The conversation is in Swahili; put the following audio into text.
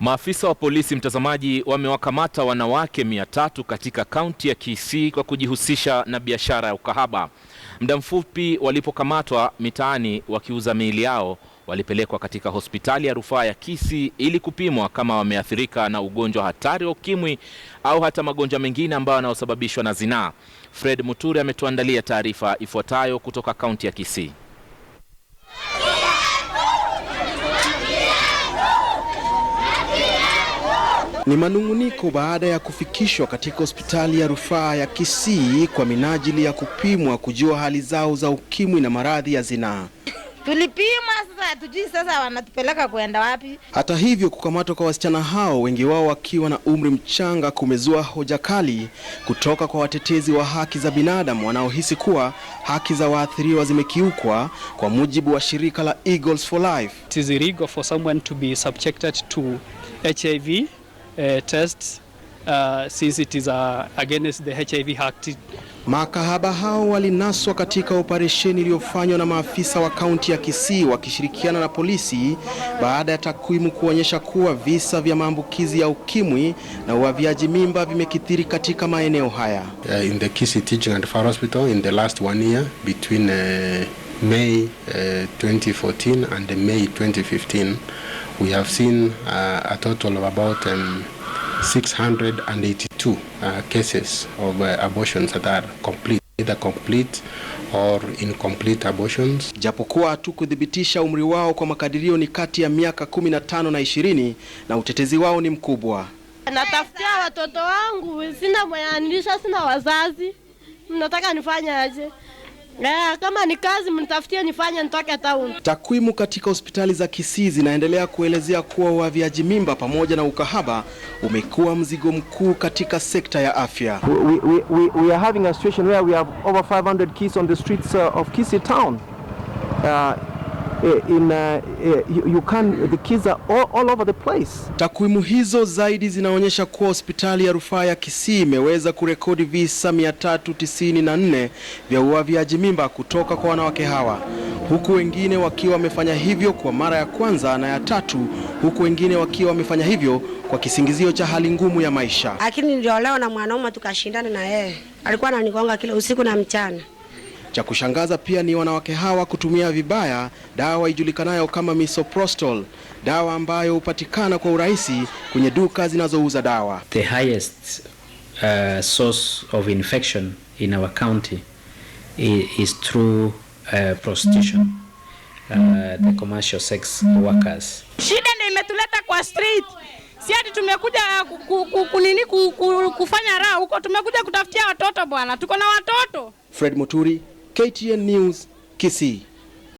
Maafisa wa polisi mtazamaji, wamewakamata wanawake mia tatu katika kaunti ya Kisii kwa kujihusisha na biashara ya ukahaba. Muda mfupi walipokamatwa mitaani wakiuza miili yao, walipelekwa katika hospitali ya rufaa ya Kisii ili kupimwa kama wameathirika na ugonjwa hatari wa ukimwi au hata magonjwa mengine ambayo yanayosababishwa na zinaa. Fred Muturi ametuandalia taarifa ifuatayo kutoka kaunti ya Kisii. Ni manung'uniko baada ya kufikishwa katika hospitali ya rufaa ya Kisii kwa minajili ya kupimwa kujua hali zao za ukimwi na maradhi ya zinaa. Tulipima sasa, tujui sasa wanatupeleka kwenda wapi. Hata hivyo, kukamatwa kwa wasichana hao, wengi wao wakiwa na umri mchanga, kumezua hoja kali kutoka kwa watetezi wa haki za binadamu wanaohisi kuwa haki za waathiriwa zimekiukwa. Kwa mujibu wa shirika la Eagles for Life, it is illegal for someone to be subjected to HIV uh, tests uh, since it is uh, against the HIV Act. Makahaba hao walinaswa katika operesheni iliyofanywa na maafisa wa kaunti ya Kisii wakishirikiana na polisi baada ya takwimu kuonyesha kuwa visa vya maambukizi ya ukimwi na uaviaji mimba vimekithiri katika maeneo haya. Uh, in the Kisii Teaching and Referral Hospital in the last one year between uh, May uh, 2014 and May 2015 we have seen uh, a total of about um, 682 uh, cases of uh, abortions that are complete, either complete or incomplete abortions. Japokuwa tu kuthibitisha umri wao kwa makadirio ni kati ya miaka 15 na 20 na utetezi wao ni mkubwa. Natafutia watoto wangu, sina mwenye, sina wazazi, mnataka nifanye aje? Yeah, kama ni kazi mnitafutie nifanye nitoke town. Takwimu katika hospitali za Kisii zinaendelea kuelezea kuwa uaviaji mimba pamoja na ukahaba umekuwa mzigo mkuu katika sekta ya afya. We, we, we, we are having a situation where we have over 500 kids on the streets uh, of Kisii town. Uh, Eh, in, uh, eh, you can, the kids are all, all over the place. Takwimu hizo zaidi zinaonyesha kuwa hospitali ya rufaa ya Kisii imeweza kurekodi visa 394 vya uavyaji mimba kutoka kwa wanawake hawa, huku wengine wakiwa wamefanya hivyo kwa mara ya kwanza na ya tatu, huku wengine wakiwa wamefanya hivyo kwa kisingizio cha hali ngumu ya maisha. Lakini leo na mwanaume tukashindana na yeye, alikuwa ananikonga kila usiku na mchana cha kushangaza pia ni wanawake hawa kutumia vibaya dawa ijulikanayo kama misoprostol, dawa ambayo hupatikana kwa urahisi kwenye duka zinazouza dawa. The highest uh, source of infection in our county is through uh, prostitution. Uh, the commercial sex workers. Shida ndio imetuleta kwa street. Si ati tumekuja kunini kufanya raha huko, tumekuja kutafutia watoto bwana, tuko na watoto. Fred Muturi KTN News, Kisii.